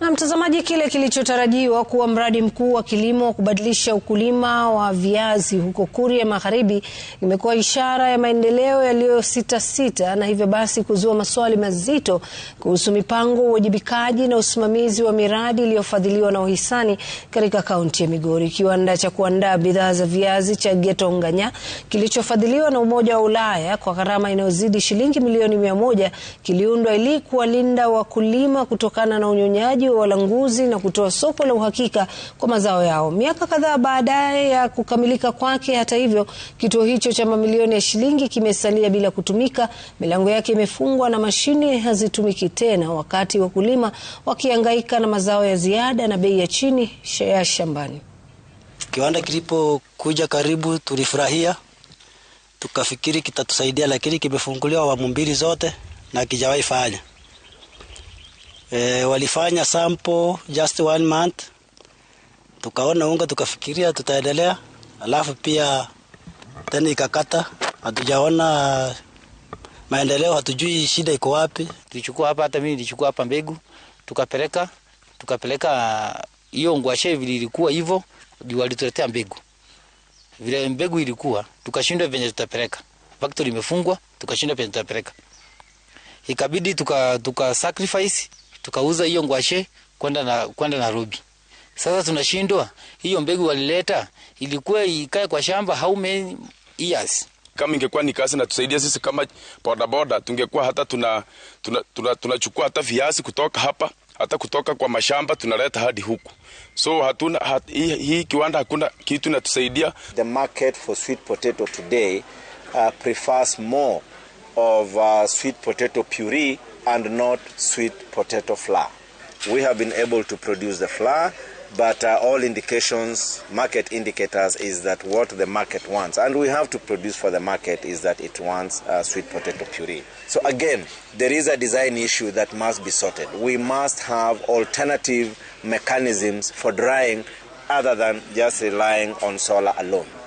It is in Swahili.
Na mtazamaji, kile kilichotarajiwa kuwa mradi mkuu wa kilimo wa kubadilisha ukulima wa viazi huko Kuria Magharibi imekuwa ishara ya maendeleo yaliyositasita na hivyo basi kuzua maswali mazito kuhusu mipango, uwajibikaji na usimamizi wa miradi iliyofadhiliwa na wahisani katika kaunti ya Migori. Kiwanda cha kuandaa bidhaa za viazi cha Getonganya kilichofadhiliwa na Umoja wa Ulaya kwa gharama inayozidi shilingi milioni mia moja kiliundwa ili kuwalinda wakulima kutokana na unyonyaji walanguzi na kutoa soko la uhakika kwa mazao yao. Miaka kadhaa baadaye ya kukamilika kwake, hata hivyo, kituo hicho cha mamilioni ya shilingi kimesalia bila kutumika, milango yake imefungwa na mashine hazitumiki tena, wakati wakulima wakihangaika na mazao ya ziada na bei ya chini ya shambani. Kiwanda kilipokuja karibu, tulifurahia tukafikiri kitatusaidia, lakini kimefunguliwa awamu mbili zote na kijawahi fanya. E, walifanya sample just one month, tukaona unga, tukafikiria tutaendelea, alafu pia tena ikakata, hatujaona maendeleo, hatujui shida iko wapi. Tulichukua hapa, hata mimi nilichukua hapa mbegu, tukapeleka tukapeleka hiyo ngwashe, vile ilikuwa hivyo walituletea mbegu, vile mbegu ilikuwa, tukashindwa venye tutapeleka, factory imefungwa, tukashindwa venye tutapeleka, ikabidi tuka, tuka sacrifice tukauza hiyo ngwashe kwenda na kwenda Nairobi. Sasa tunashindwa, hiyo mbegu walileta ilikuwa ikae kwa shamba how many years? Kama ingekuwa ni kazi tusaidia sisi kama boda boda, tungekuwa hata tunachukua tuna, tuna, tuna, tuna hata viazi kutoka hapa hata kutoka kwa mashamba tunaleta hadi huku, so hatuna hat, hii, hii kiwanda hakuna kitu inatusaidia. The market for sweet potato today uh, prefers more of uh, sweet potato puree and not sweet potato flour. We have been able to produce the flour, but uh, all indications, market indicators, is that what the market wants, and we have to produce for the market, is that it wants uh, sweet potato puree. So, again, there is a design issue that must be sorted. We must have alternative mechanisms for drying other than just relying on solar alone.